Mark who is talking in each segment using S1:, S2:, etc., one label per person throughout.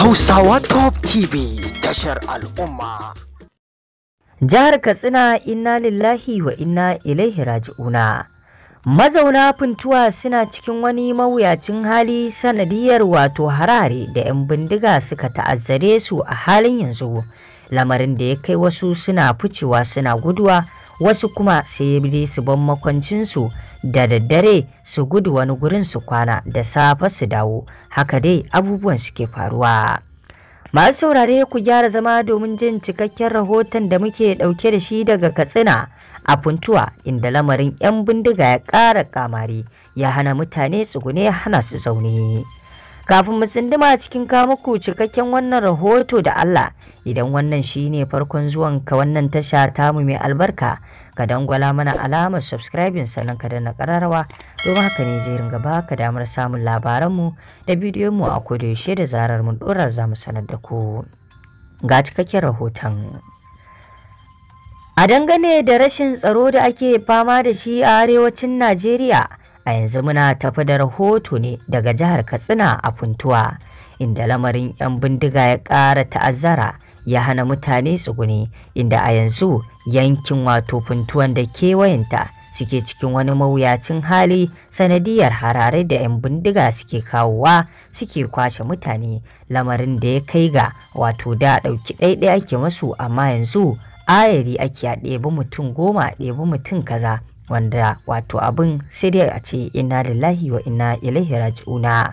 S1: Hausawa Top TV tashar al'umma. Jihar Katsina inna lillahi wa inna ilaihi raji'una. Mazauna Funtuwa suna cikin wani mawuyacin hali sanadiyar wato harare da 'yan bindiga suka ta'azzare su a halin yanzu. Lamarin da ya kai wasu suna ficewa suna guduwa wasu kuma sai dai su ban makwancinsu da daddare su gudu wani gurin su kwana da safe su dawo haka dai abubuwan suke faruwa masu saurare ku gyara zama domin jin cikakken rahoton da muke ɗauke da shi daga katsina a funtuwa inda lamarin 'yan bindiga ya ƙara kamari ya hana mutane tsugune hana su zaune. Kafin mu tsinduma cikin kamuku cikakken wannan rahoto da Allah, idan wannan shi ne farkon zuwan ka wannan tasha mu mai albarka, ka dangwala mana alamar subscribing sannan ka danna kararrawa domin haka ne zai ringa ka damar samun labaranmu da bidiyonmu a kodayaushe da zarar mun dora za mu sanar da ku. Ga cikakken rahoton. A dangane da rashin tsaro da ake fama da shi a arewacin Najeriya, a yanzu muna tafi da rahoto ne daga jihar katsina a funtuwa inda lamarin 'yan bindiga ya ƙara ta'azzara ya hana mutane tsuguni inda a yanzu yankin wato funtuwan da kewayenta suke cikin wani mawuyacin hali sanadiyar harare da 'yan bindiga suke kawowa suke kwashe mutane lamarin da ya kai ga wato da ɗauki ɗaiɗai ake masu amma yanzu ayari ake a ɗebi mutum goma a ɗebi mutum kaza wanda wato abin sai dai a ce inna lillahi wa inna ilaihi raji'una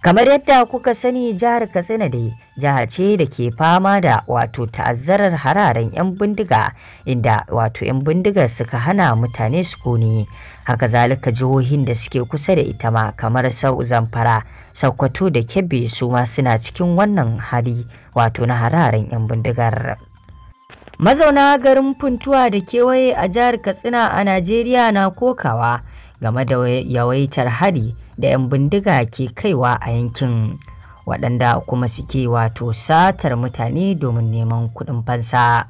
S1: kamar yadda kuka sani jihar katsina dai jihar ce da ke fama da wato ta'azzarar hararen 'yan bindiga inda wato 'yan bindigar suka hana mutane su kone haka zalika jihohin da suke kusa da ita ma kamar sau zamfara sokoto da kebbi su ma suna cikin wannan hali wato na hararen 'yan bindigar Mazauna garin Funtuwa da kewaye a jihar Katsina a Najeriya na kokawa game da yawaitar hari da 'yan bindiga ke kaiwa a yankin waɗanda kuma suke wato satar mutane domin neman kuɗin fansa.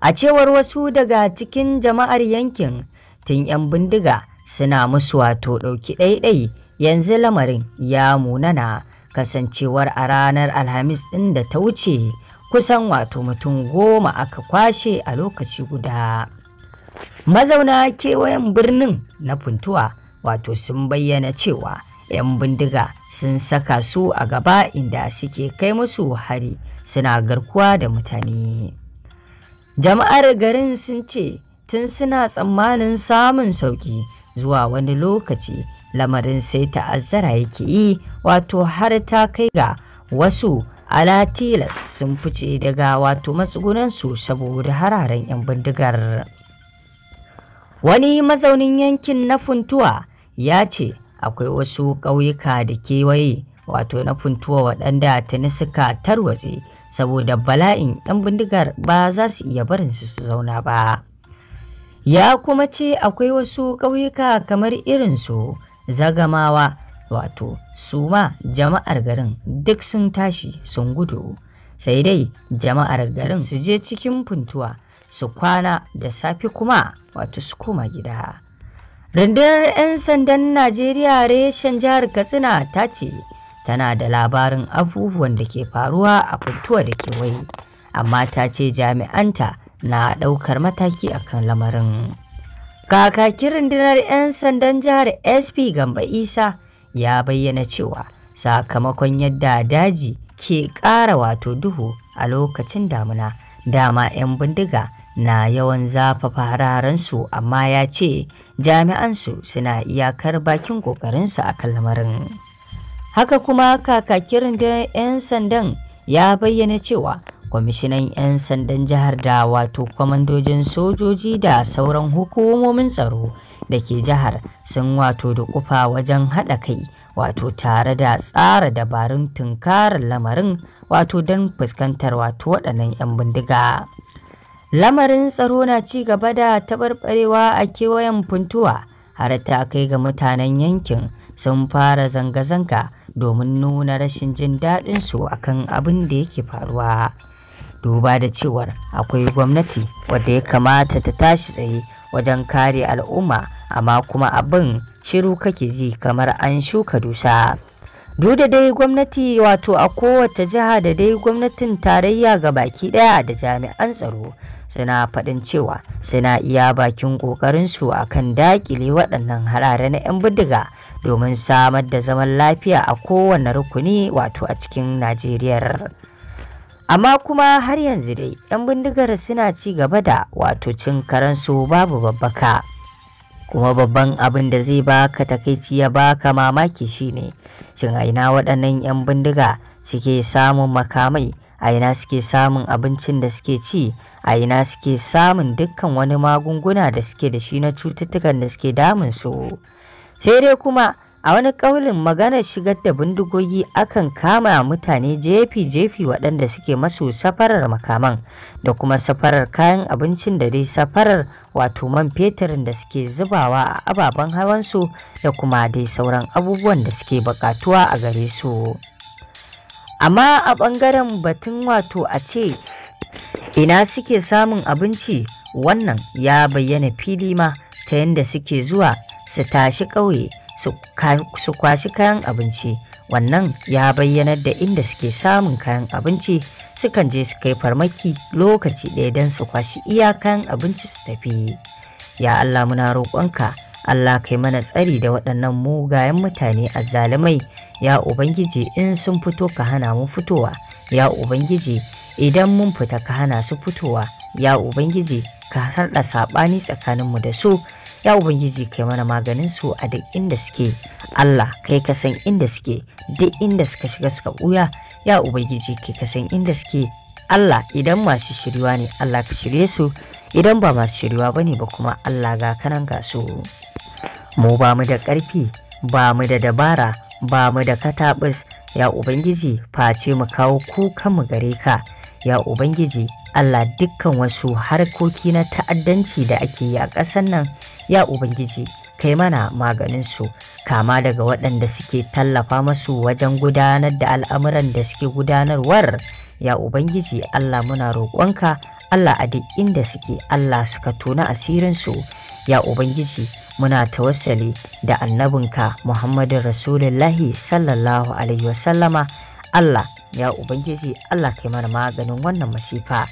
S1: A cewar wasu daga cikin jama'ar yankin tun 'yan bindiga suna musu wato ɗauki ɗaiɗai yanzu lamarin ya munana kasancewar a ranar Alhamis ɗin da ta wuce kusan wato mutum goma aka kwashe a lokaci guda mazauna kewayen birnin na funtuwa wato sun bayyana cewa 'yan bindiga sun saka su a gaba inda suke kai musu hari suna garkuwa da mutane jama'ar garin sun ce tun suna tsammanin samun sauƙi zuwa wani lokaci lamarin sai ta'azzara yake yi wato har ta kai ga wasu ala tilas sun fice daga wato matsugunansu saboda hararen 'yan bindigar wani mazaunin yankin na funtuwa ya ce akwai wasu ƙauyuka da kewaye wato na funtuwa waɗanda tuni suka tarwatse saboda bala'in 'yan bindigar ba za su iya barin su su zauna ba ya kuma ce akwai wasu ƙauyuka kamar irin su, zagamawa wato su ma jama'ar garin duk sun tashi sun gudu sai dai jama'ar garin su je cikin funtuwa su kwana da safe kuma wato su koma gida rundunar 'yan sandan najeriya reshen jihar katsina ta ce tana da labarin abubuwan da ke faruwa a funtuwa da ke kewaye amma ta ce jami'anta na ɗaukar mataki akan lamarin kakakin rundunar 'yan sandan jihar sp gamba isa ya bayyana cewa sakamakon yadda daji ke ƙara wato duhu a lokacin damuna dama 'yan bindiga na yawan zafafa hararensu amma ya ce jami'ansu suna iyakar bakin ƙoƙarinsu a kan haka kuma kakakin da 'yan sandan ya bayyana cewa kwamishinan 'yan sandan jihar da wato kwamandojin sojoji da sauran hukumomin tsaro da ke jihar sun wato da kufa wajen haɗa kai wato tare da tsara dabarun tunkarar lamarin wato don fuskantar wato waɗannan 'yan bindiga. Lamarin tsaro na cigaba da taɓarɓarewa a kewayen funtuwa har ta kai ga mutanen yankin sun fara zanga-zanga domin nuna rashin jin daɗinsu akan abin da yake faruwa. Duba da cewar akwai gwamnati wadda ya kamata ta tashi tsaye wajen kare al'umma amma kuma abin shiru kake ji kamar an shuka dusa duk da dai gwamnati wato a kowace jiha da dai gwamnatin tarayya ga baki daya da jami'an tsaro suna faɗin cewa suna iya bakin ƙoƙarinsu a kan daƙile waɗannan harare na 'yan bindiga domin samar da zaman lafiya a kowane rukuni wato a cikin najeriya amma kuma har yanzu dai 'yan bindigar suna ci gaba da wato cin karansu babu babbaka. kuma babban abin da zai baka takaici ya baka mamaki shine shin aina waɗannan 'yan bindiga suke samun makamai aina ina suke samun abincin da suke ci aina ina suke samun dukkan wani magunguna da suke da shi na cututtukan da suke damun su sai dai kuma A wani ƙaulin maganar shigar da bindigogi akan kama mutane jefi-jefi waɗanda suke masu safarar makaman da kuma safarar kayan abincin da dai safarar wato man fetirin da suke zubawa a ababen hawansu da kuma dai sauran abubuwan da suke buƙatuwa a gare su. Amma a ɓangaren batun wato a ce ina suke samun abinci wannan ya bayyana fili ma ta yadda suke zuwa su tashi ƙauye. su kwashi kayan abinci wannan ya bayyanar da inda suke samun kayan abinci sukan je su kai farmaki lokaci ɗaya don su kwashi iya kayan abinci su tafi ya allah muna roƙonka allah kai mana tsari da waɗannan mugayen mutane a azzalumai ya ubangiji in sun fito ka hana mu fitowa ya ubangiji idan mun fita ka hana su fitowa ya ubangiji ka harɗa saɓani tsakaninmu da su ya ubangiji kai mana maganin su a duk inda suke Allah kai ka san inda suke duk inda suka shiga suka buya ya ubangiji kai ka san inda suke Allah idan masu shiriwa ne Allah ka shirye su idan ba masu shiriwa bane ba kuma Allah ga kanan ga su mu ba mu da ƙarfi ba mu da dabara ba mu da katabus ya ubangiji face mu kawo mu gare ka ya ubangiji allah dukkan wasu harkoki na ta'addanci da ake yi a ƙasar nan ya Ubangiji kai mana maganinsu kama daga waɗanda suke tallafa masu wajen gudanar da al'amuran da suke gudanarwar ya Ubangiji Allah muna roƙonka Allah a duk inda suke Allah suka tona asirinsu ya Ubangiji muna tawassali da annabinka Muhammadin Rasulullahi sallallahu alaihi wasallama Allah ya Ubangiji Allah kai mana maganin wannan masifa.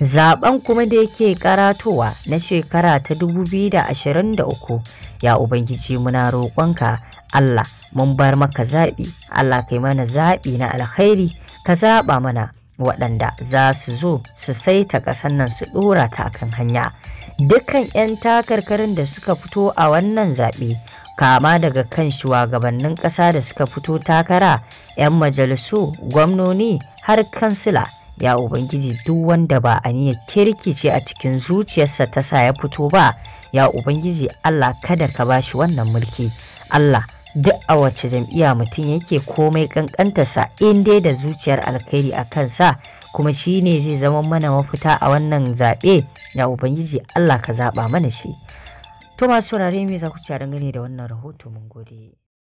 S1: zaben kuma da yake karatowa na shekara ta 2023 ya ubangiji muna roƙonka Allah mun bar maka zaɓi Allah kai mana zaɓi na alkhairi ka zaɓa mana waɗanda za su zo su saita ƙasar nan su ɗora ta kan hanya dukkan 'yan takarkarin da suka fito a wannan zaɓe kama daga kan shugabannin ƙasa da suka fito takara 'yan majalisu gwamnoni har kansila ya ubangiji duk wanda ba aniyar kirki ce a cikin zuciyarsa ta sa ya fito ba ya ubangiji allah kada ka bashi wannan mulki allah duk a wace jam'iyya mutum yake komai kankantarsa in dai da zuciyar alkhairi a kansa kuma shi ne zai zama mana mafita a wannan zaɓe ya ubangiji allah ka zaɓa mana shi to masu saurare me za ku ci dangane da wannan rahoto mun gode